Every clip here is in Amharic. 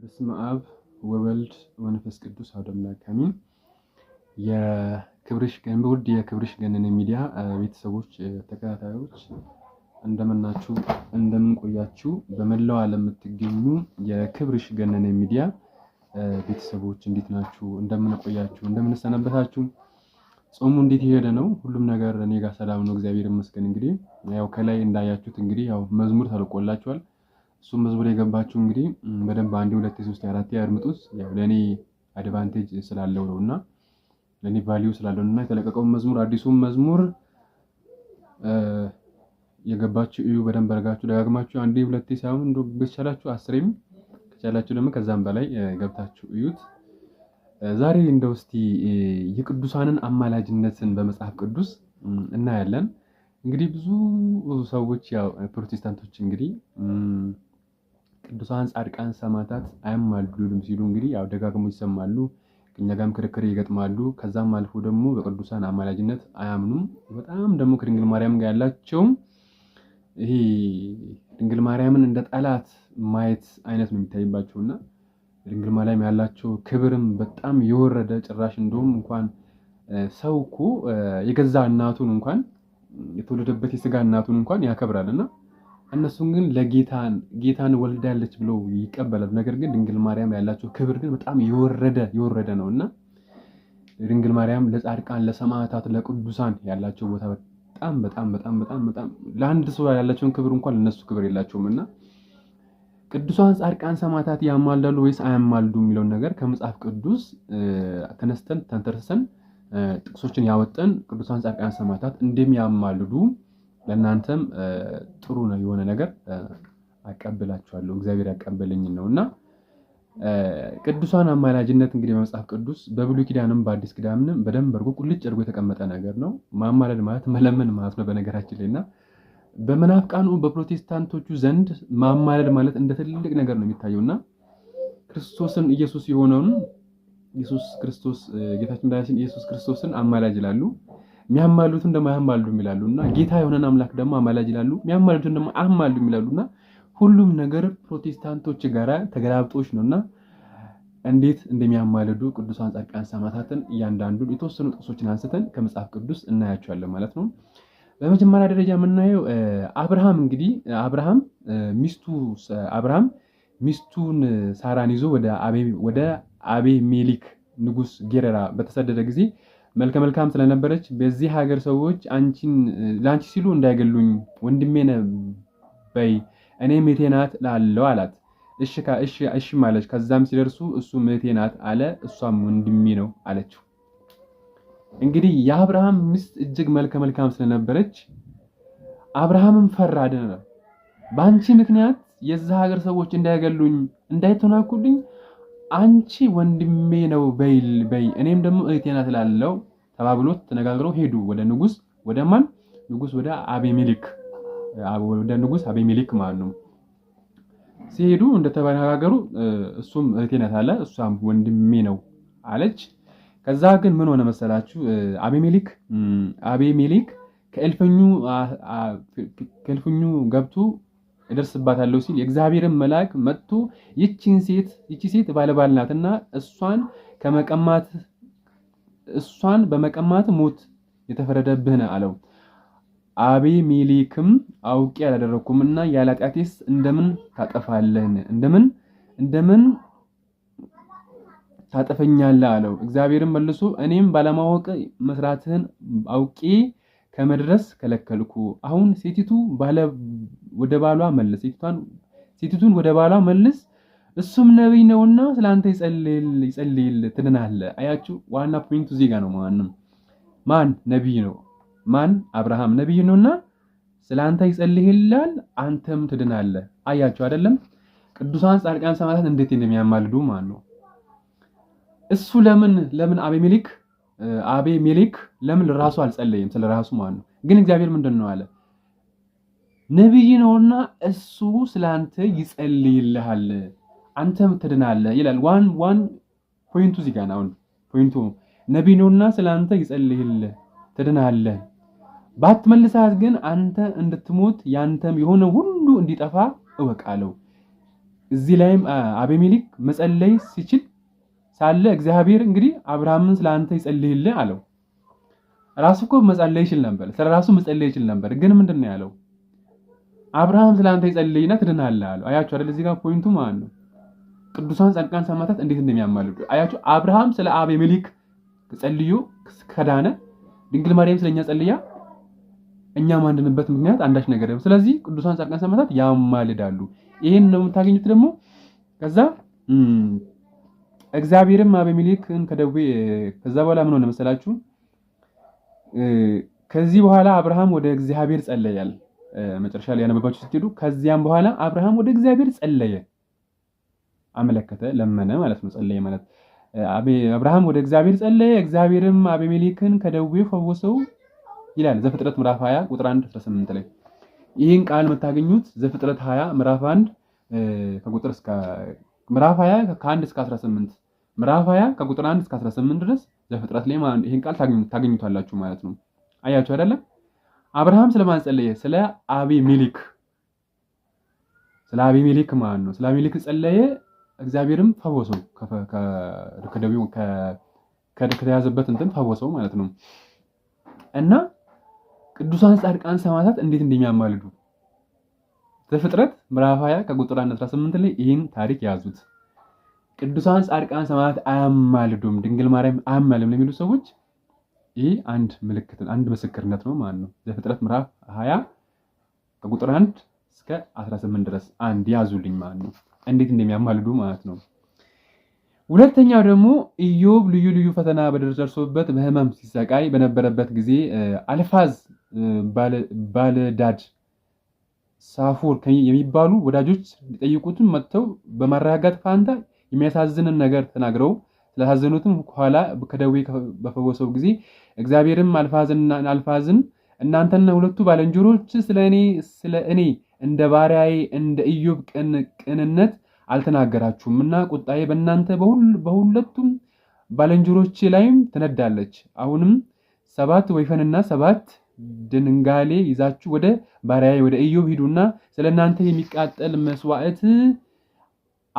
በስመ አብ ወወልድ ወመንፈስ ቅዱስ አሐዱ አምላክ አሜን። የክብርሽ ገነነ ውድ የክብርሽ ገነነ ሚዲያ ቤተሰቦች ተከታታዮች እንደምናችሁ እንደምንቆያችሁ በመላው ዓለም የምትገኙ የክብርሽ ገነነ ሚዲያ ቤተሰቦች እንዴት ናችሁ? እንደምንቆያችሁ እንደምንሰነበታችሁ ጾሙ እንዴት የሄደ ነው? ሁሉም ነገር እኔ ጋር ሰላም ነው፣ እግዚአብሔር ይመስገን። እንግዲህ ያው ከላይ እንዳያችሁት እንግዲህ ያው መዝሙር ተልቆላችኋል። እሱም መዝሙር የገባችሁ እንግዲህ በደንብ አንዴ ሁለቴ ሶስቴ አራቴ አድምጡት። ያው ለእኔ አድቫንቴጅ ስላለው ነው እና ለእኔ ቫሊዩ ስላለው እና የተለቀቀውን መዝሙር አዲሱን መዝሙር የገባችሁ እዩ። በደንብ አድርጋችሁ ደጋግማችሁ አንዴ ሁለቴ ሳይሆን እንደ ከቻላችሁ አስሬም ከቻላችሁ ደግሞ ከዛም በላይ ገብታችሁ እዩት። ዛሬ እንደ ውስቲ የቅዱሳንን አማላጅነትን በመጽሐፍ ቅዱስ እናያለን። እንግዲህ ብዙ ሰዎች ያው ፕሮቴስታንቶች እንግዲህ ቅዱሳን ጻድቃን ሰማዕታት አይማልዱም ሲሉ እንግዲህ ያው ደጋግሞ ይሰማሉ። እኛ ክርክር ይገጥማሉ። ከዛም አልፎ ደግሞ በቅዱሳን አማላጅነት አያምኑም። በጣም ደግሞ ከድንግል ማርያም ጋር ያላቸውም ይሄ ድንግል ማርያምን እንደ ጠላት ማየት አይነት ነው የሚታይባቸውና ድንግል ማርያም ያላቸው ክብርም በጣም የወረደ ጭራሽ እንደውም እንኳን ሰው እኮ የገዛ እናቱን እንኳን የተወለደበት የስጋ እናቱን እንኳን ያከብራል እና እነሱን ግን ለጌታን ጌታን ወልዳለች ብለው ይቀበላሉ። ነገር ግን ድንግል ማርያም ያላቸው ክብር ግን በጣም የወረደ የወረደ ነው እና ድንግል ማርያም ለጻድቃን፣ ለሰማዕታት፣ ለቅዱሳን ያላቸው ቦታ በጣም በጣም በጣም በጣም በጣም ለአንድ ሰው ያላቸውን ክብር እንኳን ለነሱ ክብር የላቸውም እና ቅዱሳን፣ ጻድቃን፣ ሰማዕታት ያማልዳሉ ወይስ አያማልዱ የሚለውን ነገር ከመጽሐፍ ቅዱስ ተነስተን ተንተርሰን ጥቅሶችን ያወጠን ቅዱሳን፣ ጻድቃን፣ ሰማዕታት እንደሚያማልዱ ለእናንተም ጥሩ ነው የሆነ ነገር አቀብላችኋለሁ። እግዚአብሔር ያቀበለኝ ነው እና ቅዱሳን አማላጅነት እንግዲህ በመጽሐፍ ቅዱስ በብሉይ ኪዳንም በአዲስ ኪዳንም በደንብ አድርጎ ቁልጭ እርጎ የተቀመጠ ነገር ነው። ማማለድ ማለት መለመን ማለት ነው በነገራችን ላይ እና በመናፍቃኑ በፕሮቴስታንቶቹ ዘንድ ማማለድ ማለት እንደ ትልቅ ነገር ነው የሚታየው እና ክርስቶስን ኢየሱስ የሆነውን ኢየሱስ ክርስቶስ ጌታችን መድኃኒታችን ኢየሱስ ክርስቶስን አማላጅ ይላሉ። የሚያማሉትን ደግሞ ያማሉ ይላሉ እና ጌታ የሆነን አምላክ ደግሞ አማላጅ ይላሉ፣ የሚያማሉትን ደግሞ አማሉ ይላሉ እና ሁሉም ነገር ፕሮቴስታንቶች ጋራ ተገላብጦች ነው እና እንዴት እንደሚያማልዱ ቅዱሳን ጻድቃን ሰማዕታትን እያንዳንዱ የተወሰኑ ጥቅሶችን አንስተን ከመጽሐፍ ቅዱስ እናያቸዋለን ማለት ነው። በመጀመሪያ ደረጃ የምናየው አብርሃም እንግዲህ አብርሃም ሚስቱ አብርሃም ሚስቱን ሳራን ይዞ ወደ አቤ ሜሊክ ንጉስ ጌረራ በተሰደደ ጊዜ መልከ መልካም ስለነበረች በዚህ ሀገር ሰዎች ለአንቺ ሲሉ እንዳይገሉኝ ወንድሜ ነህ በይ እኔ ምቴ ናት ላለው አላት። እሺ አለች። ከዛም ሲደርሱ እሱ ምቴ ናት አለ፣ እሷም ወንድሜ ነው አለችው። እንግዲህ የአብርሃም ሚስት እጅግ መልከ መልካም ስለነበረች አብርሃምም ፈራ ደነ በአንቺ ምክንያት የዚህ ሀገር ሰዎች እንዳይገሉኝ እንዳይተናኩልኝ አንቺ ወንድሜ ነው በይል በይ እኔም ደግሞ እህቴ ናት እላለው ተባብሎት ተነጋግረው ሄዱ ወደ ንጉስ ወደ ማን ንጉስ ወደ አቤሜሌክ ወደ ንጉስ አቤሜሌክ ማለት ነው። ሲሄዱ እንደተነጋገሩ እሱም እህቴ ናት አለ፣ እሷም ወንድሜ ነው አለች። ከዛ ግን ምን ሆነ መሰላችሁ አቤሜሌክ አቤሜሌክ ከእልፍኙ ከእልፍኙ ገብቶ እደርስባታለሁ ሲል የእግዚአብሔርን መልአክ መጥቶ ይቺን ሴት ይቺ ሴት ባለባል ናትና እሷን ከመቀማት እሷን በመቀማት ሞት የተፈረደብህ ነህ አለው። አቤሜሌክም አውቄ አላደረኩም እና ያለ ኃጢአቴስ እንደምን ታጠፋለህን? እንደምን እንደምን ታጠፈኛለህ አለው። እግዚአብሔርን መልሶ እኔም ባለማወቅ መስራትህን አውቄ ከመድረስ ከለከልኩ። አሁን ሴቲቱ ወደ ባሏ መልስ፣ ሴቲቱን ወደ ባሏ መልስ፣ እሱም ነቢይ ነውና ስለአንተ ይጸልይል ትድናለ አያችሁ፣ ዋና ፖይንቱ እዚህ ነው። ማንም ማን ነቢይ ነው? ማን አብርሃም ነቢይ ነውና ስላንተ ይጸልይላል፣ አንተም ትድናለ አያችሁ አይደለም? ቅዱሳን ጻድቃን ሰማዕታት እንዴት እንደሚያማልዱ ማን ነው እሱ? ለምን ለምን አቤሜሌክ አቤ ሜሌክ ለምን ራሱ አልጸለየም? ስለ ራሱ ማለት ነው። ግን እግዚአብሔር ምንድን ነው አለ? ነቢይ ነውና እሱ ስለ አንተ ይጸልይልሃል፣ አንተም ትድናለህ ይላል። ዋን ዋን ፖይንቱ እዚህ ጋር ነው። ፖይንቱ ነቢይ ነውና ስለ አንተ ይጸልይልህ፣ ትድናለህ። ባትመልሳት ግን አንተ እንድትሞት ያንተም የሆነ ሁሉ እንዲጠፋ እወቃለሁ። እዚህ ላይም አቤ አቤሜሌክ መጸለይ ሲችል ሳለ እግዚአብሔር እንግዲህ አብርሃምን ስለ አንተ ይጸልይልህ አለው። ራሱ እኮ መጸለይ ይችል ነበር፣ ስለ ራሱ መጸለይ ይችል ነበር። ግን ምንድን ነው ያለው? አብርሃም ስለ አንተ ይጸልይና ትድናለህ አለው። አያችሁ አይደል? እዚህ ጋር ፖይንቱ ማለት ነው ቅዱሳን ጻድቃን ሰማዕታት እንዴት እንደሚያማልዱ አያችሁ። አብርሃም ስለ አቤሜሌክ ጸልዮ ከዳነ ድንግል ማርያም ስለኛ ጸልያ እኛ ማንድንበት ምክንያት አንዳች ነገር ነው። ስለዚህ ቅዱሳን ጻድቃን ሰማዕታት ያማልዳሉ። ይሄን ነው የምታገኙት ደግሞ ከዛ እግዚአብሔርም አቤሜሌክን ከደዌ ከዛ በኋላ ምን ሆነ መሰላችሁ? ከዚህ በኋላ አብርሃም ወደ እግዚአብሔር ጸለያል። መጨረሻ ላይ ያነበባችሁ ስትሄዱ ከዚያም በኋላ አብርሃም ወደ እግዚአብሔር ጸለየ፣ አመለከተ፣ ለመነ ማለት ነው። ጸለየ ማለት አብርሃም ወደ እግዚአብሔር ጸለየ፣ እግዚአብሔርም አቤሜሌክን ከደዌ ፈወሰው ይላል ዘፍጥረት ምዕራፍ 20 ቁጥር 1 18 ላይ ይህን ቃል የምታገኙት ዘፍጥረት 20 ምዕራፍ 1 ከቁጥር እስከ ምዕራፍ 20 ከ1 እስከ 18 ምዕራፍ 20 ከቁጥር 1 እስከ 18 ድረስ ዘፍጥረት ላይ ማለት ይሄን ቃል ታገኙታላችሁ ማለት ነው። አያችሁ አይደለም? አብርሃም ስለማን ጸለየ? ስለ ሚሊክ ስለ አቢ ሚሊክ ማለት ነው። ስለ አቢ ሚሊክ ጸለየ። እግዚአብሔርም ፈወሰው ከደዌው ከተያዘበት እንትን ፈወሰው ማለት ነው። እና ቅዱሳን ጻድቃን ሰማዕታት እንዴት እንደሚያማልዱ ዘፍጥረት ምዕራፍ 20 ከቁጥር 1 18 ላይ ይህን ታሪክ ያዙት። ቅዱሳን ጻድቃን ሰማያት አያማልዱም፣ ድንግል ማርያም አያማልም ለሚሉ ሰዎች ይህ አንድ ምልክት አንድ ምስክርነት ነው ማለት ነው። ዘፍጥረት ምዕራፍ 20 ከቁጥር 1 እስከ 18 ድረስ አንድ ያዙልኝ ማለት ነው፣ እንዴት እንደሚያማልዱ ማለት ነው። ሁለተኛው ደግሞ ኢዮብ ልዩ ልዩ ፈተና በደርሶበት በህመም ሲሰቃይ በነበረበት ጊዜ አልፋዝ ባለዳድ ሳፉር የሚባሉ ወዳጆች ሊጠይቁትን መጥተው በማረጋጋት ፋንታ የሚያሳዝንን ነገር ተናግረው ስላሳዘኑትም ኋላ ከደዌ በፈወሰው ጊዜ እግዚአብሔርም አልፋዝን እናንተና ሁለቱ ባልንጀሮች ስለ እኔ ስለ እኔ እንደ ባሪያዬ እንደ ኢዮብ ቅንነት አልተናገራችሁም እና ቁጣዬ በእናንተ በሁለቱም ባልንጀሮች ላይም ትነዳለች። አሁንም ሰባት ወይፈንና ሰባት ድንጋሌ ይዛችሁ ወደ ባሪያዬ ወደ ኢዮብ ሂዱና ስለ እናንተ የሚቃጠል መስዋዕት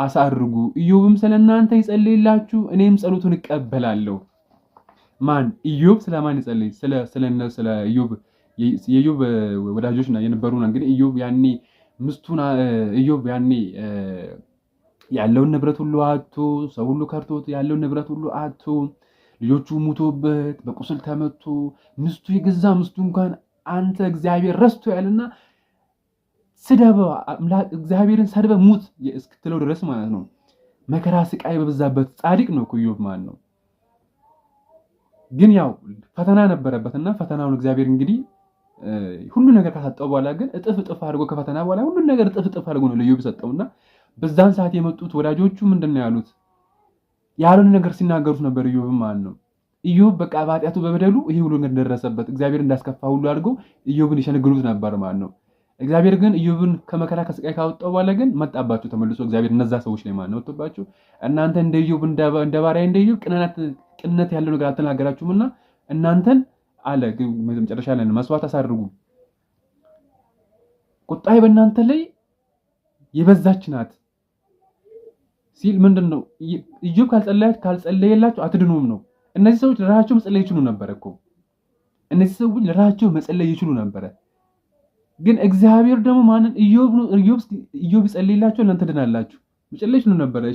አሳርጉ፣ ኢዮብም ስለ እናንተ ይጸልይላችሁ፣ እኔም ጸሎቱን እቀበላለሁ። ማን ኢዮብ? ስለማን ይጸልይ? ስለ ስለ ኢዮብ የኢዮብ ወዳጆች የነበሩ ነው። እንግዲህ ኢዮብ ያኔ ምስቱን ኢዮብ ያኔ ያለውን ንብረት ሁሉ አቶ ሰው ሁሉ ከርቶት ያለውን ንብረት ሁሉ አቶ ልጆቹ ሙቶበት በቁስል ተመቶ ምስቱ የገዛ ምስቱ እንኳን አንተ እግዚአብሔር ረስቶ ያልና ስደበው እግዚአብሔርን ሰድበ ሙት እስክትለው ድረስ ማለት ነው። መከራ ስቃይ በበዛበት ጻድቅ ነው ኢዮብ ማለት ነው። ግን ያው ፈተና ነበረበትና ፈተናውን እግዚአብሔር እንግዲህ ሁሉ ነገር ካሰጠው በኋላ ግን እጥፍ እጥፍ አድርጎ ከፈተና በኋላ ሁሉ ነገር እጥፍ እጥፍ አድርጎ ነው ለኢዮብ ሰጠውና በዛን ሰዓት የመጡት ወዳጆቹ ምንድን ነው ያሉት? ያሉን ነገር ሲናገሩት ነበር። ኢዮብ ማለት ነው። ኢዮብ በቃ በኃጢአቱ በበደሉ ይሄ ሁሉ ነገር ደረሰበት። እግዚአብሔር እንዳስከፋ ሁሉ አድርጎ ኢዮብን ይሸነግሉት ነበር ማለት ነው። እግዚአብሔር ግን ኢዮብን ከመከራ ከስቃይ ካወጣው በኋላ ግን መጣባቸው ተመልሶ እግዚአብሔር እነዛ ሰዎች ላይ ማን መጥቶባቸው እናንተ እንደ ኢዮብ እንደ ባሪያ እንደ ኢዮብ ቅንነት ያለው ነገር አልተናገራችሁም እና እናንተን አለ መጨረሻ ላይ መስዋዕት አሳድርጉ ቁጣዬ በእናንተ ላይ የበዛች ናት ሲል ምንድን ነው ኢዮብ ካልጸለየላችሁ አትድኑም ነው እነዚህ ሰዎች ለራሳቸው መጸለይ ይችሉ ነበረ እኮ እነዚህ ሰዎች ለራሳቸው መጸለይ ይችሉ ነበረ ግን እግዚአብሔር ደግሞ ማንን ኢዮብ ጸልይላቸው እናንተ ትድናላችሁ መጨለሽ ነው ነበረ።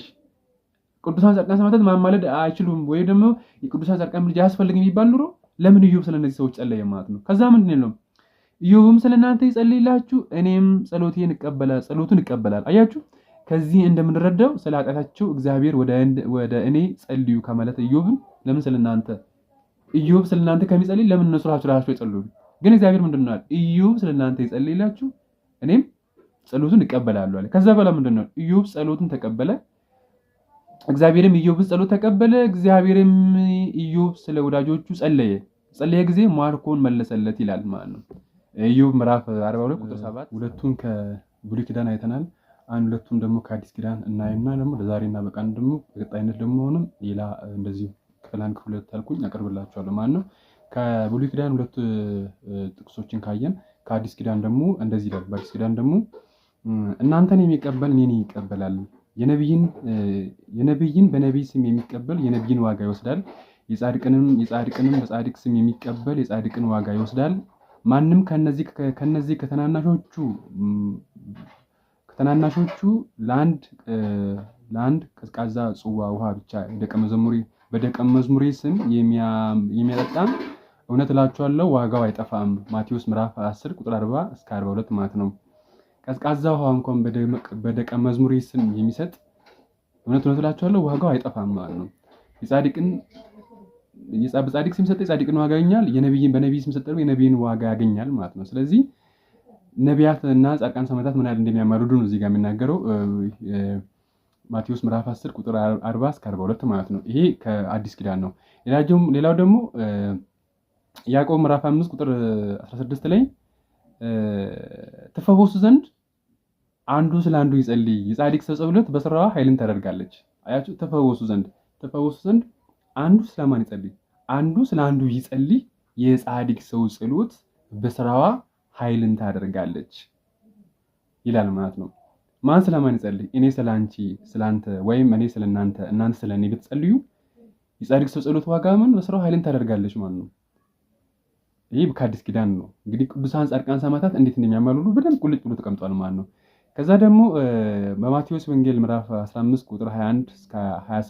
ቅዱሳን ጻድቃን ሰማታት ማማለድ አይችሉም ወይ ደግሞ የቅዱሳን ጻድቃን ምልጃ አያስፈልግም የሚባል ኑሮ ለምን እዮብ ስለነዚህ ሰዎች ጸለየ ማለት ነው። ከዛ ምንድን ነው እዮብም ስለ እናንተ ይጸልይላችሁ እኔም ጸሎቴን እቀበላል ጸሎቱን ይቀበላል። አያችሁ ከዚህ እንደምንረዳው ስለ ኃጢአታቸው እግዚአብሔር ወደ እኔ ጸልዩ ከማለት ኢዮብን ለምን ስለ እናንተ ኢዮብ ስለ እናንተ ከሚጸልይ ለምን እነሱ ራሳቸው ራሳቸው ይጸልዩ ግን እግዚአብሔር ምንድን ነው ያለ? ኢዮብ ስለ እናንተ ይጸልይላችሁ እኔም ጸሎቱን እቀበላለሁ አለ። ከዛ በኋላ ምንድን ነው ኢዮብ ጸሎቱን ተቀበለ። እግዚአብሔርም ኢዮብ ጸሎት ተቀበለ። እግዚአብሔርም ኢዮብ ስለ ወዳጆቹ ጸለየ። ጸለየ ጊዜ ማርኮን መለሰለት ይላል ማለት ነው። ኢዮብ ምዕራፍ 42 ቁጥር 7 ሁለቱን ከብሉይ ኪዳን አይተናል። አንድ ሁለቱም ደግሞ ከአዲስ ኪዳን እናይና ደግሞ ለዛሬ እናበቃን። ደግሞ በቀጣይነት ደግሞ ሆንም ሌላ እንደዚሁ ክፍል አንድ ክፍል ሁለት አልኩኝ አቀርብላችኋለሁ ማለት ነው። ከብሉይ ኪዳን ሁለት ጥቅሶችን ካየን ከአዲስ ኪዳን ደግሞ እንደዚህ ይላል። በአዲስ ኪዳን ደግሞ እናንተን የሚቀበል እኔን ይቀበላል፣ የነቢይን በነቢይ ስም የሚቀበል የነቢይን ዋጋ ይወስዳል፣ የጻድቅንም በጻድቅ ስም የሚቀበል የጻድቅን ዋጋ ይወስዳል። ማንም ከነዚህ ከተናናሾቹ ከተናናሾቹ ለአንድ ለአንድ ቀዝቃዛ ጽዋ ውሃ ብቻ በደቀ መዝሙሬ ስም የሚያጠጣም እውነት እላችኋለሁ ዋጋው አይጠፋም። ማቴዎስ ምዕራፍ 10 ቁጥር 40 እስከ 42 ማለት ነው። ቀዝቃዛ ውሃ እንኳን በደቀ መዝሙር ስም የሚሰጥ እውነት እውነት እላችኋለሁ ዋጋው አይጠፋም ማለት ነው። የጻድቅን በጻድቅ ስም ሰጠ የጻድቅን ዋጋ ያገኛል፣ የነቢይን በነቢይ ስም ሰጠ የነቢይን ዋጋ ያገኛል ማለት ነው። ስለዚህ ነቢያት እና ጻድቃን ሰማዕታት ምን ያህል እንደሚያማልዱ ነው እዚህ ጋር የሚናገረው ማቴዎስ ምዕራፍ 10 ቁጥር 40 እስከ 42 ማለት ነው። ይሄ ከአዲስ ኪዳን ነው። ሌላው ደግሞ ያዕቆብ ምዕራፍ 5 ቁጥር 16 ላይ ትፈወሱ ዘንድ አንዱ ስለ አንዱ ይጸልይ፣ የጻድቅ ሰው ጸሎት በስራዋ ኃይልን ታደርጋለች። አያችሁ፣ ትፈወሱ ዘንድ ትፈወሱ ዘንድ አንዱ ስለማን ይጸልይ? አንዱ ስለ አንዱ ይጸልይ፣ የጻድቅ ሰው ጸሎት በስራዋ ኃይልን ታደርጋለች ይላል ማለት ነው። ማን ስለማን ይጸልይ? እኔ ስለ አንቺ ስለ አንተ፣ ወይም እኔ ስለ እናንተ እናንተ ስለ እኔ ብትጸልዩ የጻድቅ ሰው ጸሎት ዋጋ ምን በስራዋ ኃይልን ታደርጋለች ማለት ነው። ይህ ከአዲስ ኪዳን ነው። እንግዲህ ቅዱሳን ጻድቃን ሰማዕታት እንዴት እንደሚያማልሉ በደንብ ቁልጭ ብሎ ተቀምጧል ማለት ነው። ከዛ ደግሞ በማቴዎስ ወንጌል ምዕራፍ 15 ቁጥር 21 እስከ 28